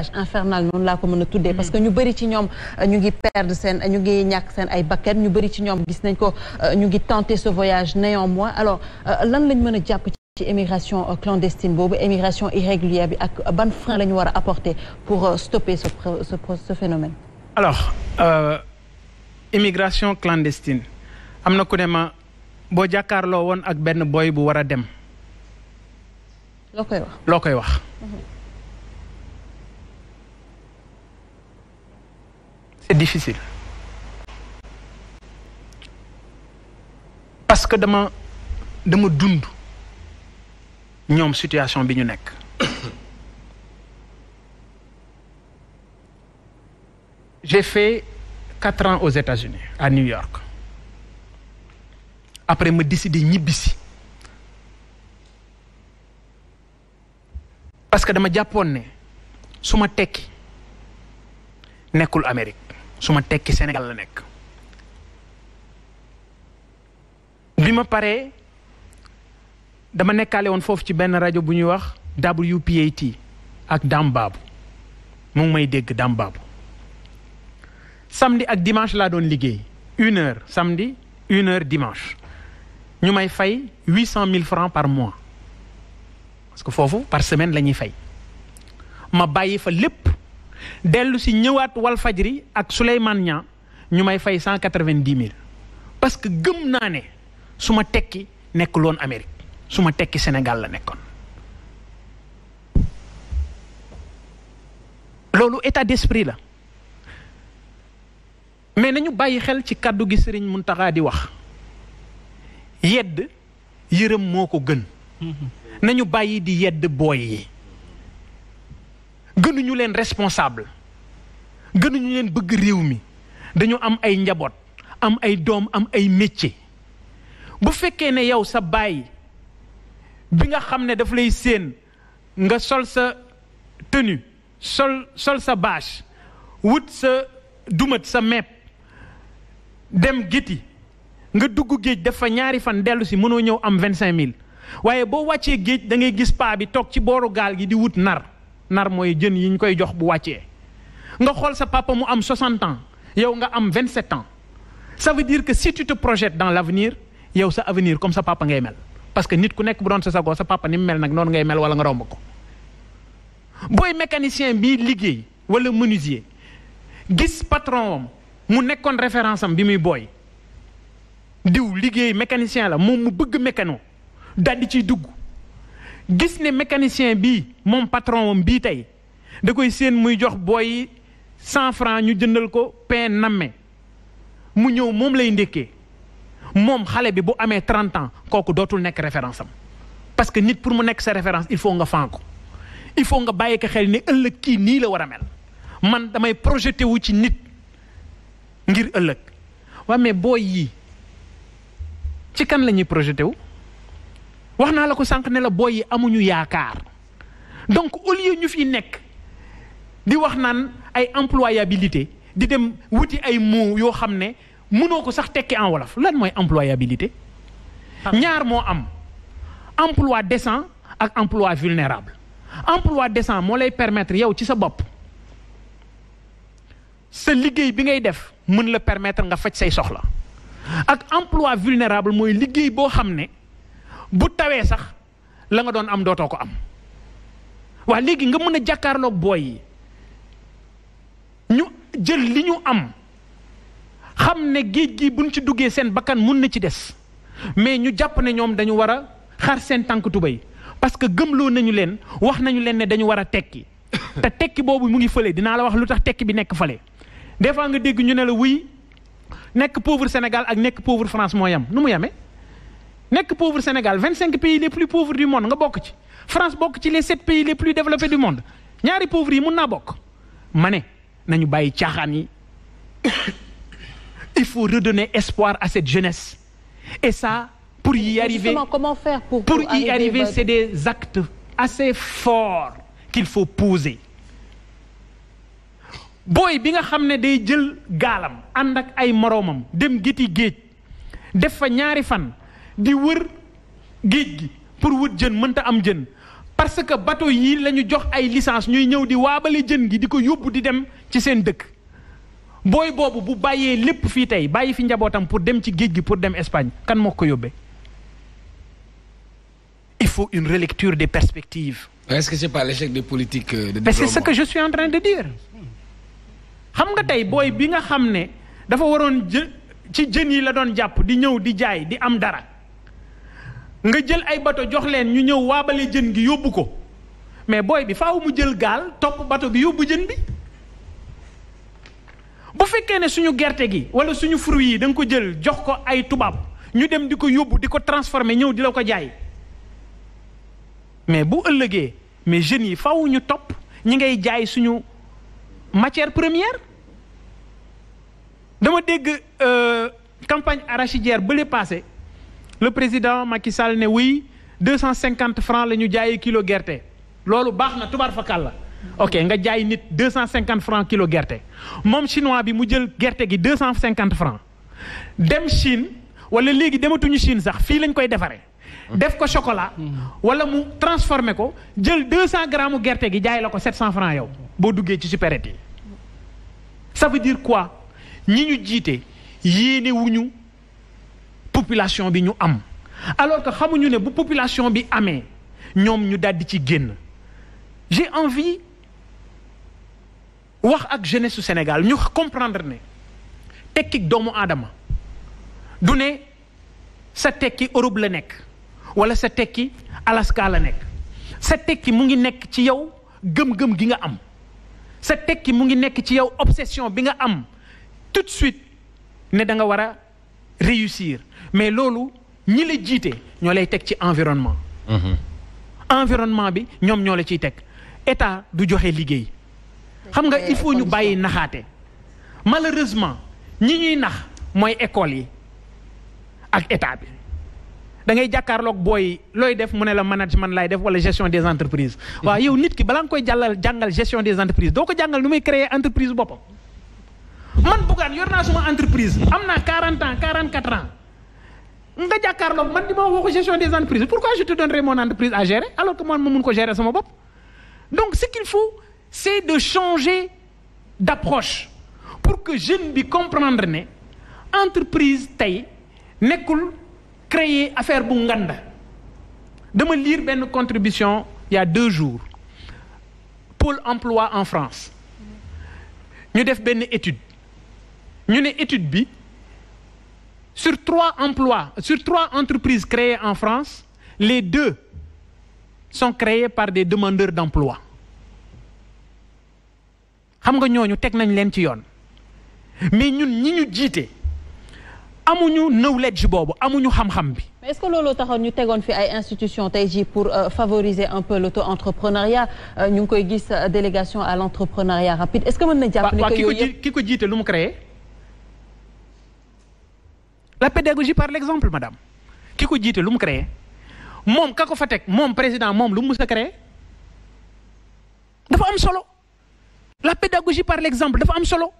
ravage infernal noonu laa ko mën a tuddee que ñu bëri ci ñoom euh, ñu ngi perdre seen ñu ñàkk seen ay bakkan ñu bëri ci ñoom gis nañ ko euh, ñu ngi tenter ce voyage néanmoins alors euh, lan lañ mën a jàpp ci émigration clandestine boobu émigration irrégulière bi ak ban frein la ñu war a apporter pour stopper ce ce ce phénomène. alors euh, immigration clandestine am na ku ne ma boo jàkkaarloo woon ak benn booy bu war a dem. loo loo koy wax. Mhm. c'est difficile parce que dama dama dund ñoom situation bi ñu nekk j'ai fait quatre ans aux États-Unis à New York après ma décidé ñibbisi parce que dama jàppoon ne su ma tekki nekkul Amérique suma tekki Sénégal la nekk bi ma paree dama nekkaale woon foofu ci benn rajo bu ñuy wax WPAT ak Dame Babou may dégg Dame Babou samedi ak dimanche laa doon liggéey une heure samedi une heure dimanche ñu may fay huit cent mille francs par mois parce que foofu par semaine la ñuy fay ma bàyyi fa lépp. dellu si ñëwaat Walfajri ak Souleymane Niang ñu may fay cent quatre-vingt-dix mille parce que gëm naa ne su ma tekki nekk loon Amérique su ma tekki senegal la nekkoon loolu état d'esprit la mais nañu bàyyi xel ci kàddu gi Sëriñ Muntaxa di wax yedd yërëm moo ko gën mm-hmm. nañu bàyyi di yedd booy yi gënuñu leen responsable gënuñu leen bëgg réew mi dañu am ay njaboot am ay doom am ay métier bu fekkee ne yow sa baay bi nga xam ne daf lay séen nga sol sa tenue sol sol sa bâche wut sa dumat sa mepp dem gétti nga dugg géej dafa ñaari fan dellu si mënoo ñëw am vingt cinq mille waaye boo wàccee géej da ngay gis paa bi toog ci booru gaal gi di wut nar nar mooy jën yi ñu koy jox bu wàccee nga xool sa papa mu am 60 ans yow nga am 27 ans ça veut dire que si tu te projettes dans l'avenir yow sa avenir comme sa papa ngay mel parce que nit ku nekk bu doon sa sa papa ni mu mel nag noonu ngay mel wala nga romb ko booy mécanicien bi liggéey wala menuisier gis patron am mu nekkoon référence am bi muy booy diw liggéey mécanicien la moom mu bëgg mécano di ciy dugg. gis ne mécanicien bii moom patron wam bii tey da koy séen muy jox booy cent franc ñu jëndal ko pain namme mu ñëw moom lay ndekkee moom xale bi bu amee trente ans kooku dootul nekk référence am parce que nit pour mu nekk sa référence il faut nga fan ko il faut nga bàyyi ko xel ni ëllëg kii nii la war a mel man damay projeté wu ci nit ngir ëllëg waaw mais booy yii ci kan la ñuy projeté wu wax naa la ko sànq ne la booy yi amuñu yaakaar donc au lieu ñu fi nekk di wax naan ay employabilité di dem wuti ay mots yoo xam ne mënoo ko sax tekki en wolof lan mooy employabilité. Ah. ñaar moo am emploi décent ak emploi vulnérable emploi décent moo lay permettre yow ci sa bopp sa liggéey bi ngay def mën la permettre nga faj say soxla ak emploi vulnérable mooy liggéey boo xam ne. bu tawee sax la nga doon am dootoo ko am waa léegi nga mun a jàkkaarloog booy yi ñu jël li ñu am xam ne géej gi bu buñ ci duggee seen bakkan mun na ci des mais ñu jàpp ne ñoom dañu war a xar seen tànk tubéy parce que gëmloo nañu leen wax nañu leen ne dañu war a tekki te tekki boobu mu ngi fële dinaa la wax lu tax tekki bi nekk fële des fois nga dégg ñu ne la wuy nekk pauvre Sénégal ak nekk pauvre France moo yam nu mu yamee nekk pauvre Sénégal vingt cinq pays les plus pauvres du monde nga bokk ci France bokk ci les sept pays les plus développés du monde ñaari pauvres yi mun naa bokk ma ne nañu bàyyi caaxaan yi il faut redonner espoir à cette jeunesse et ça pour yi arriver comment faire pour, pour, pour y arriver c'est des actes assez forts qu'il faut poser booy bi nga xam ne day jël gaalam ànd ak ay moroomam dem géti géej def fa ñaari fan di wër géej gi pour wut jën mënta am jën parce que bateau yii lañu jox ay licence ñuy ñëw di waabale jën gi di ko yóbbu di dem ci seen dëkk booy boobu bu bàyyee lépp fii tey bàyyi fi njabootam pour dem ci géej gi pour dem Espagne kan moo ko yóbbee il faut une relecture de perspectives. est-ce que c'est pas l'échec des euh, ce que je suis en train de dire xam nga tey booy bi nga xam ne dafa waroon jë ci jën yi la doon jàpp di ñëw di jaay di am dara. nga jël ay bato jox leen ñu ñëw waabale jën gi yóbbu ko mais booy bi faw mu jël gaal topp bato bi yóbbu jën bi bu fekkee ne suñu gerte gi wala suñu fruit yi da nga ko jël jox ko ay tubaab ñu dem di ko yóbbu di ko transformer ñëw di la ko jaay mais bu ëllëgee mais jeunes yi faw ñu topp ñi ngay jaay suñu matière première dama dégg euh, campagne arachidière bële passé le président Macky Sall ne oui 250 francs la ñu jaayee kilo gerte loolu baax na tubaar fakal la ok nga jaay nit 250 francs kilo gerte moom chinois bi mu jël gerte gi 250 francs dem Chine wala léegi dematuñu Chine sax fii lañ koy defaree. def ko chocolat. wala mu transformé ko jël 200 grammes gerte gi jaay la ko 700 francs yow boo duggee ci supérette yi. veut dire quoi ñi ñu jiite yéene wuñu population bi ñu am alors que xamuñu ne bu population bi amee ñoom ñu daldi ci génn j'ai envie wax ak jeunesse su Sénégal ñu comprendre ne tekki doomu aadama du ne sa tekki Europe la nekk wala sa tekki Alaska la nekk sa tekki mu ngi nekk ci yow gëm-gëm gi nga am sa tekki mu ngi nekk ci yow obsession bi nga am tout de suite ne da nga war a réussir mais loolu ñi la jiite ñoo lay teg ci environnement. Mhm. environnement bi ñoom ñoo la ciy teg état du joxe liggéey. xam nga il faut ñu bàyyi naxaate malheureusement ñi ñuy nax mooy école yi ak état bi da ngay jàkkaarloog booy looy def mu ne la management lay def wala gestion des entreprises mhm. waa yow nit ki balaa nga koy jàllal jàngal gestion des entreprises doo ko jàngal nu muy créer entreprise boppam man buggaan yor naa suma entreprise am naa 40 ans 44 ans nga jàkkaarloog man di ma waxu gestion des entreprises pourquoi je te donnerai mon entreprise à gérer alors que man ma mun ko gérer sama bopp donc ce qu'il faut c'est de changer d'approche pour que jeune bi comprendre ne entreprise tey nekkul créer affaire bu nganda dama liir benn contribution il y deux jours pôle emploi en France ñu def benn étude ñu ne étude bi Sur trois emplois, sur trois entreprises créées en France, les deux sont créées par des demandeurs d'emploi. xam nga ñooñu teg nañ leen ci yoon mais ñun ñi ñu jiite amuñu knowledge boobu amuñu xam-xam bi. mais est-ce que looloo taxoon ñu tegoon fi ay institutions tey jii pour euh, favoriser un peu l'auto-entrepreneuriat euh, ñu ngi koy gis euh, délégation à l'entrepreneuriat rapide est-ce na jàpp ne que ki ko jiite lu mu créé. la pédagogie par l'exemple madame ki ko jiite lu mu créé moom ka ko fa teg moom président moom lu mu mus a dafa am solo la pédagogie par l'exemple dafa am solo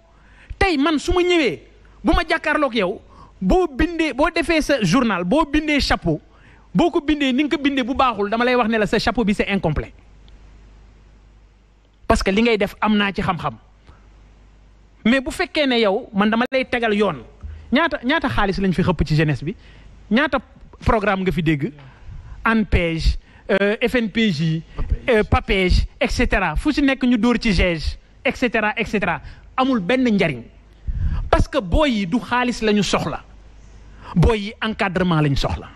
tey man su ma ñëwee bu ma jàkkaarloog yow boo bindee boo defee sa journal boo bindee chapeau boo ko bindee ni nga ko bindee bu baaxul dama lay wax ne la sa chapeau bi c'est incomplet parce que li ngay def am naa ci xam-xam mais bu fekkee ne yow man dama lay tegal yoon. ñaata ñaata xaalis lañ fi xëpp ci jeunesse bi ñaata programme nga fi dégg ANPEJ euh, FNPJ euh, PAPEJ et cetera fu si nekk ñu dóor ci GEJ et cetera et cetera amul benn njariñ parce que booy yi du xaalis lañu soxla booy yi encadrement lañ soxla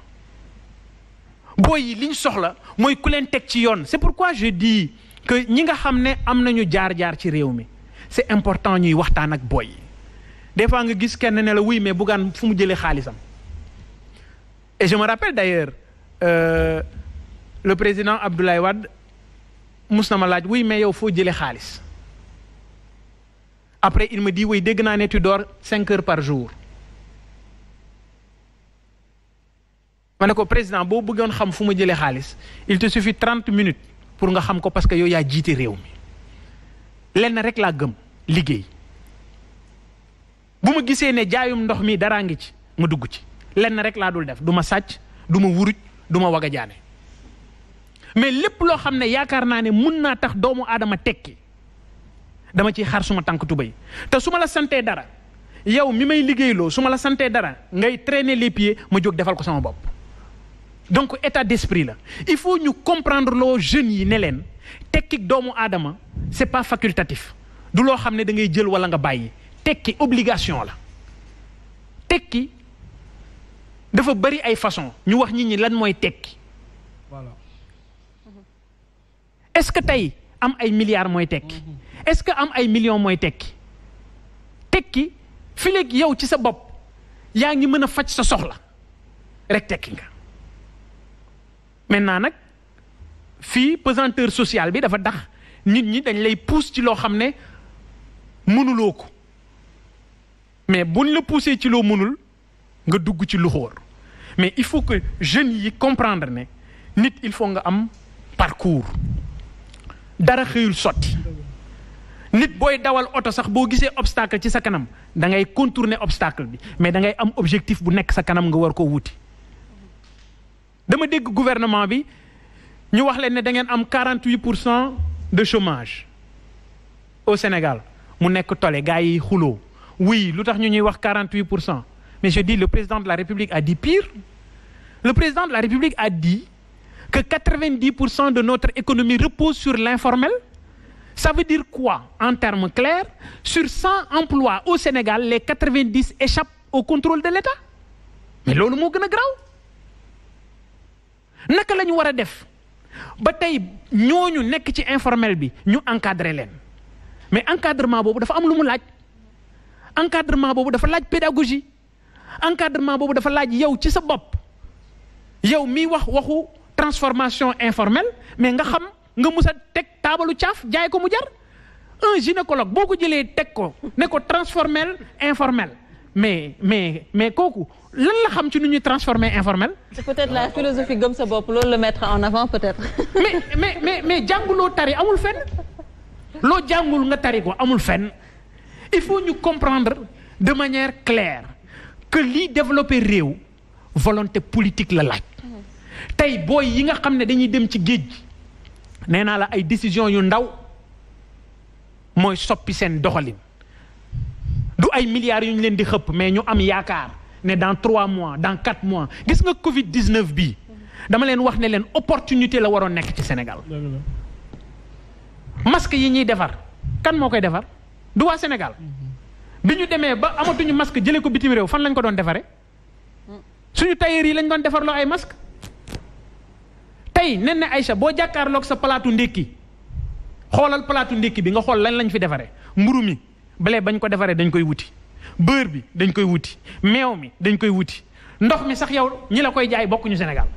booy yi li soxla mooy ku leen teg ci yoon c'est pourquoi je dis que ñi nga xam ne am nañu jaar-jaar ci réew mi c'est important ñuy waxtaan ak booy des fois nga gis kenn ne la wuy mais Bougane fu mu jëlee xaalisam et je me rappelle d'ailleurs euh, le président Abdoulaye Wade mus na ma laaj wuy mais yow foo jëlee xaalis après il ma dit wuy dégg naa ne tu dors par jour ma ne ko président boo bëggoon xam fu ma jëlee xaalis il te suffit trente minutes pour nga xam ko parce que yow yaa jiite réew mi lenn rek laa gëm liggéey bu ma gisee ne jaayum ndox mi daraa ngi ci ma dugg ci lenn rek laa dul def du ma sàcc du ma wuruj du ma waga jaane mais lépp loo xam ne yaakaar naa ne mun naa tax doomu aadama tekki dama ciy xar suma tànk tubéy te su ma la santee dara yow mi may liggéeyloo su ma la santee dara ngay trainer les ma jóg defal ko sama bopp donc état d'esprit la il faut ñu comprendre loo jeunes yi ne leen tekkik doomu aadama c'est pas facultatif du loo xam ne da ngay jël wala nga bàyyi tekki obligation la tekki dafa bari ay façon ñu wax nit ñi lan mooy tekki voilà est-ce que tey am ay milliards mooy tekki mm-hmm. est-ce que am ay millions mooy tekki tekki fi léegi yow ci sa bopp yaa ngi mën a faj sa soxla rek tekki nga maintenant nag fii pesanteur sociale bi dafa dax nit ñi dañ lay pousse ci loo xam ne mënuloo ko mais buñ la poussé ci loo mënul nga dugg ci lu mais il faut que jeunes yi comprendre ne nit il faut nga am parcours dara xëyul sotti nit booy dawal oto sax boo gisee obstacle ci sa kanam da ngay contourner obstacle bi mais da ngay am objectif bu nekk sa kanam nga war koo wuti dama dégg gouvernement bi ñu wax leen ne da ngeen am 48 pour cent de chômage au Sénégal mu nekk tole gars yi xuloo oui lu tax ñu ñuy wax 48 pour cent mais je dis le président de la république a dit pire le président de la république a dit que pour cent de notre économie repose sur l'informel ça veut dire quoi en termes clairs sur 100 emplois au Sénégal les 90 échappent au contrôle de l'État mais loolu moo gën a garaaw naka la ñu war a def ba tey ñooñu nekk ci informel bi ñu encadrer leen mais encadrement boobu dafa am lu mu laaj encadrement boobu dafa laaj pédagogie encadrement boobu dafa laaj yow ci sa bopp yow miy wax waxu transformation informelle mais nga xam nga mus a teg taabalu caaf jaay ko mu jar un gynécologue boo ko jëlee teg ko ne ko transformel informel mais mais mais kooku lan la xam ci nu ñuy transformer informel. c'est peut-être la philosophie gëm sa bopp loolu la mettre en avant peut-être. mais mais mais jànguloo tari amul fenn loo jàngul nga tari ko amul fenn. il faut ñu comprendre de manière claire que lii développer réew volonté politique la laaj tey booy yi nga xam ne dañuy dem ci géej nee naa la ay décision yu ndaw mooy soppi seen doxalin du ay milliards yu ñu leen di xëpp mais ñu am yaakaar ne dans trois mois dans quatre mois gis nga Covid 19 bii dama leen wax ne leen opportunité la waroon nekk ci Sénégal. masque yi ñuy defar kan moo koy defar. du waa Sénégal bi ñu demee ba amatuñu masque jëlee ko bitim réew fan lañ ko doon defaree suñu tailleur yi lañ doon defarloo ay masque tey nen na Aïcha boo jàkkaarloog sa palaatu ndékki xoolal palaatu ndékki bi nga xool lan lañ fi defaree mburu mi blé bañ ko defaree dañ koy wuti beurre bi dañ koy wuti meew mi dañ koy wuti ndox mi sax yow ñi la koy jaay bokkuñu Sénégal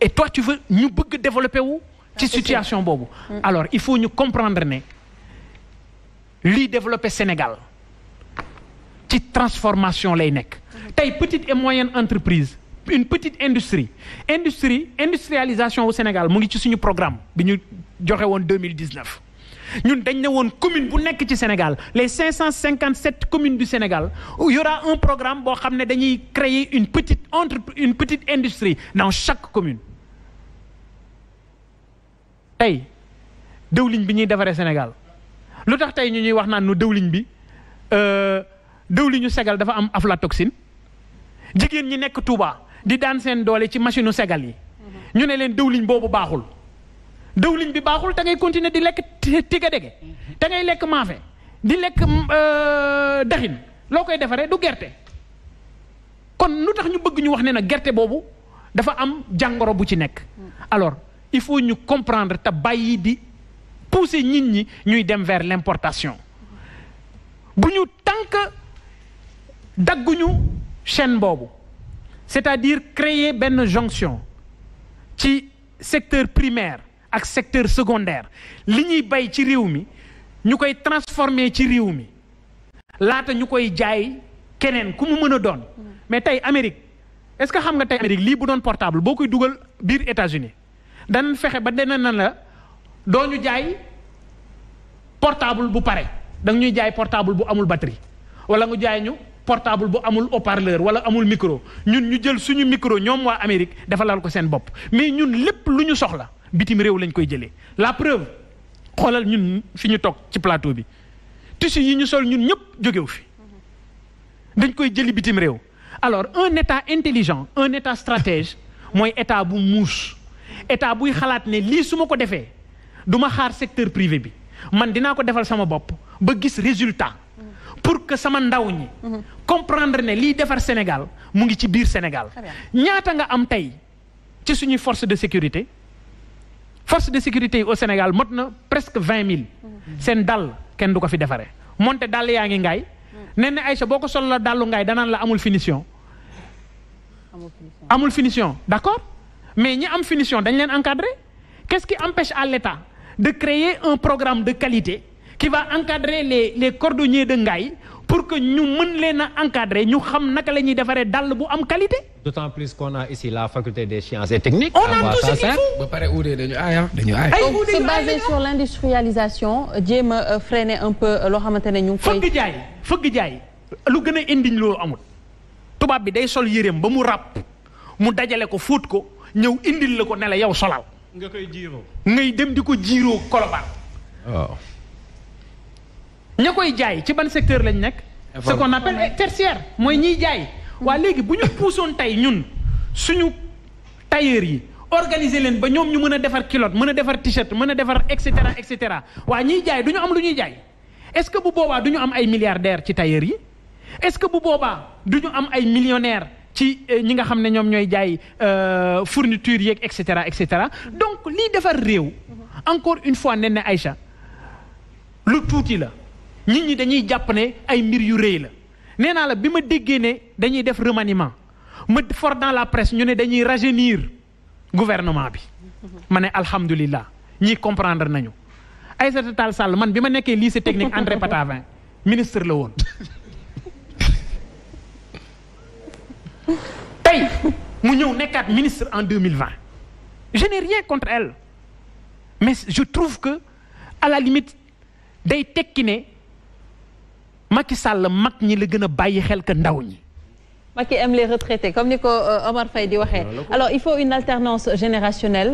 et toi tu veux ñu bëgg développer wu. ci situation boobu alors il faut ñu comprendre ne lii développé Sénégal ci transformation lay nekk tey petite et moyen entreprise une petite industrie industrie industrialisation au Sénégal mu ngi ci suñu programme bi ñu joxe woon 2019 ñun dañ ne woon commune bu nekk ci Sénégal les 557 communes du Sénégal il y aura un programme boo xam ne dañuy créer une petite entre une petite industrie dans chaque commune tey dëwliñ bi ñuy defaree Sénégal lu tax tey ñu ñuy wax naan nu dëwliñ bi euh, dëwliñu segal dafa am aflatoxine jigéen ñi nekk Touba di daan seen doole ci machine u segal yi ñu ne leen dëwliñ boobu baaxul dëwliñ bi baaxul ta ngay continuer di lekk tiga dege te ngay lekk maafe di lekk euh, daxin loo koy defaree du gerte kon lu tax ñu bëgg ñu wax ne na gerte boobu dafa am jàngoro bu ci nekk il faut ñu comprendre te bàyyi di pousser nit ñi ñuy dem vers l'importation bu ñu tànk dagguñu chaîne boobu c'est-à-dire créer benn jonction ci secteur primaire ak secteur secondaire li ñuy bay ci réew mi ñu koy transformer ci réew mi laata ñu koy jaay keneen ku mu mën a doon mm. mais tey Amérique est-ce que xam nga tey Amérique lii bu doon portable boo koy dugal biir États-Unis dan fexe ba dana na la doo ñu jaay portable bu pare danga ñuy jaay portable bu amul batterie wala nga jaay ñu portable bu amul oparleur parleur wala amul micro ñun ñu jël suñu micro ñoom waa Amérique defalal ko seen bopp mais ñun lépp lu ñu soxla bitim réew lañ koy jëlee la preuve xoolal ñun fi ñu toog ci plateau bi tissu yi ñu sol ñun ñëpp jógewu fi dañ koy jëli bitim réew alors un état intelligent un état stratège mooy état bu muus état buy xalaat ne lii su ma ko defee du ma xaar secteur privé bi man dinaa ko defal sama bopp ba gis résultat pour que sama ndaw ñi comprendre ne lii defar Sénégal mu ngi ci biir Sénégal ñaata nga am tey ci suñuy force de sécurité force de sécurité yi au Sénégal mot na presque vingt mille seen dàll kenn du ko fi defaree moonte dàll yaa ngi ngaay nee ay Aïcha boo ko sol la dàllu ngaay danaan la amul finition amul finition d'accord mais ñi am finition dañu leen encadrer qu'est-ce qui empêche à l'État de créer un programme de qualité qui va encadrer les les cordonniers de Ngaye pour que ñu mën leen a encadrer ñu xam naka la ñuy defaree dàll bu am qualité. d'autant plus qu'on a ici la faculté des sciences et techniques. on a tout ce qu'il faut ba pare dañu aaya ah, dañu aaya. c'est sur l'industrialisation jéem a euh, freiner un peu euh, loo xamante ne ñu ngi koy. fëgg jaay fëgg jaay lu gën a indiñ loolu amut tubaab bi day sol yéreem ba mu ràpp mu dajale ko fóot ko. ñëw indil la ko ne yow solal. nga koy jiiroo. ngay dem di ko jiiroo kolobaan. waaw. ña koy jaay ci ban secteur lañ nekk. ce qu'on appelle tertiaire mooy ñiy jaay. waa léegi bu ñu puusoon tey ñun suñu tailleur yi. organiser leen ba ñoom ñu mën a defar kilote mën a defar t-shirt mën a defar et cetera et cetera waa ñiy jaay du ñu am lu ñuy jaay est-ce que bu boobaa du ñu am ay milliardaires ci tailleur yi est-ce que bu boobaa du ñu am ay millionnaires ci eh, ñi nga xam ne ñoom ñooy jaay euh, fourniture yeeg et cetera et cetera donc lii defar réew encore une fois nen ne Aïcha lu tuuti la nit ñi dañuy jàpp ne ay mbir yu rëy la nee naa la bi ma déggee ne dañuy def remaniment ma for dans la presse ñu ne dañuy rajeunir gouvernement bi ma ne alhamdulillah ñii comprendre nañu Aïssata Tall Sall man bi ma nekkee lycée technique André Patavin ministre la woon tey mu ñëw nekkaat ministre en deux mille vingt je n'ai rien contre elle mais je trouve que à la limite day tekki ne Macky Sall mag ñi la gën a bàyyi xel que ndaw ñi. Macky aime les retraités comme ni ko euh, Omar Faye di waxee alors il faut une alternance générationnelle.